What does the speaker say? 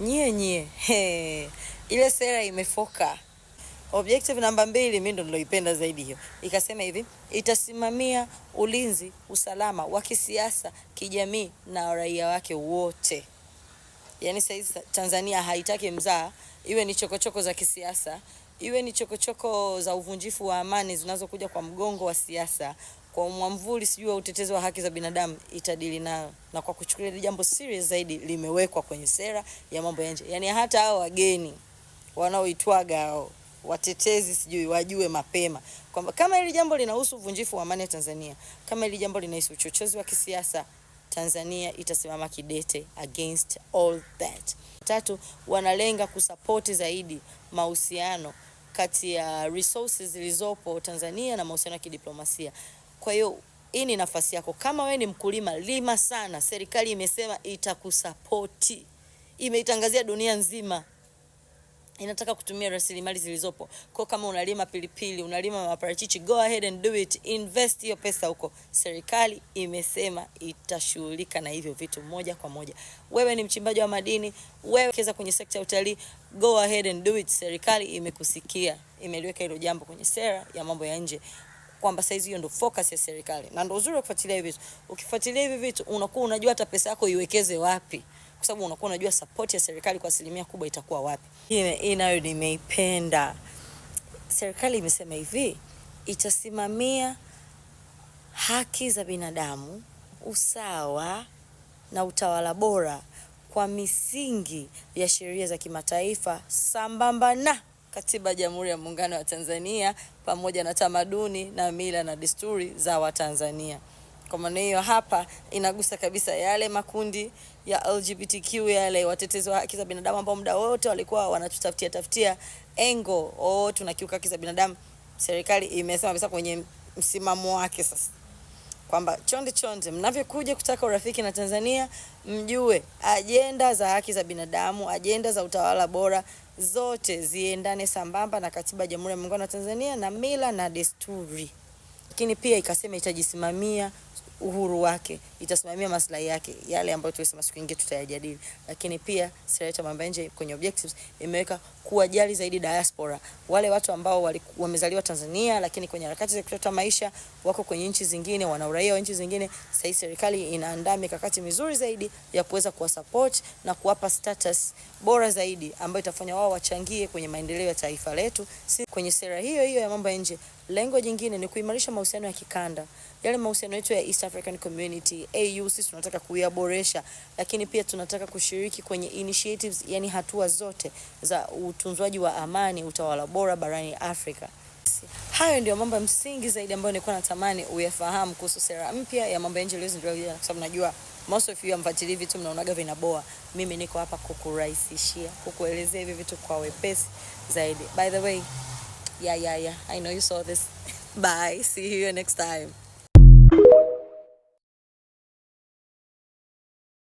nyie nyie, hey, ile sera imefoka. Objective namba mbili, mimi ndo niloipenda zaidi hiyo, ikasema hivi: itasimamia ulinzi, usalama wa kisiasa, kijamii na raia wake wote. Yaani saizi Tanzania haitaki mzaa iwe ni chokochoko za kisiasa, iwe ni chokochoko za uvunjifu wa amani zinazokuja kwa mgongo wa siasa kwa mwamvuli sijui wa utetezi wa haki za binadamu itadili nayo, na kwa kuchukulia hili jambo serious zaidi limewekwa kwenye sera ya mambo ya nje. Yaani hata hao wageni wanaoitwaga hao watetezi sijui wajue mapema kwamba kama hili jambo linahusu uvunjifu wa amani ya Tanzania, kama hili jambo linahusu uchochezi wa kisiasa Tanzania itasimama kidete against all that. Tatu, wanalenga kusapoti zaidi mahusiano kati ya resources zilizopo Tanzania na mahusiano ya kidiplomasia. Kwa hiyo hii ni nafasi yako. Kama we ni mkulima, lima sana. Serikali imesema itakusapoti, imeitangazia dunia nzima, inataka kutumia rasilimali zilizopo. Kwa kama unalima pilipili, unalima maparachichi, go ahead and do it, invest hiyo pesa huko. Serikali imesema itashughulika na hivyo vitu moja kwa moja. Wewe ni mchimbaji wa madini, wewe wekeza kwenye sekta ya utalii, go ahead and do it. Serikali imekusikia, imeliweka hilo jambo kwenye sera ya mambo ya nje kwamba saizi hiyo ndo focus ya serikali, na ndo uzuri wa kufuatilia hivi vitu. Ukifuatilia hivi vitu unakuwa unajua hata pesa yako iwekeze wapi, kwa sababu unakuwa unajua support ya serikali kwa asilimia kubwa itakuwa wapi. Hii nayo nimeipenda. Serikali imesema hivi itasimamia haki za binadamu, usawa na utawala bora kwa misingi ya sheria za kimataifa sambamba na Katiba ya Jamhuri ya Muungano wa Tanzania pamoja na tamaduni na mila na desturi za Watanzania. Kwa maana hiyo, hapa inagusa kabisa yale makundi ya LGBTQ, yale watetezi wa haki za binadamu ambao muda wote walikuwa wanatutafutia taftia engo, oh, tunakiuka haki za binadamu. Serikali imesema kabisa kwenye msimamo wake sasa kwamba chonde chonde, mnavyokuja kutaka urafiki na Tanzania, mjue ajenda za haki za binadamu, ajenda za utawala bora zote ziendane sambamba na katiba ya Jamhuri ya Muungano wa Tanzania na mila na desturi, lakini pia ikasema itajisimamia uhuru wake, itasimamia maslahi yake, yale ambayo tulisema siku nyingine tutayajadili. Lakini pia sera yetu mambo nje kwenye objectives imeweka kuwajali zaidi diaspora, wale watu ambao wamezaliwa Tanzania, lakini kwenye harakati za kutafuta maisha wako kwenye nchi zingine, wana uraia wa nchi zingine. Sasa serikali inaandaa mikakati mizuri zaidi ya kuweza kuwasupport na kuwapa status bora zaidi ambayo itafanya wao wachangie kwenye maendeleo ya taifa letu. Si kwenye sera hiyo hiyo ya mambo ya nje, lengo jingine ni kuimarisha mahusiano ya kikanda yale mahusiano yetu ya East African Community AU, sisi tunataka kuyaboresha, lakini pia tunataka kushiriki kwenye initiatives, yani hatua zote za utunzwaji wa amani, utawala bora barani Afrika. Hayo ndio mambo msingi zaidi ambayo nilikuwa natamani uyafahamu kuhusu sera mpya ya mambo ya nje iliyozindua, kwa sababu najua most of you amfuatili vitu mnaonaga vinaboa. Mimi niko hapa kukurahisishia, kukuelezea hivi vitu kwa wepesi zaidi. By the way, yeah, yeah, yeah. I know you saw this. Bye. See you next time.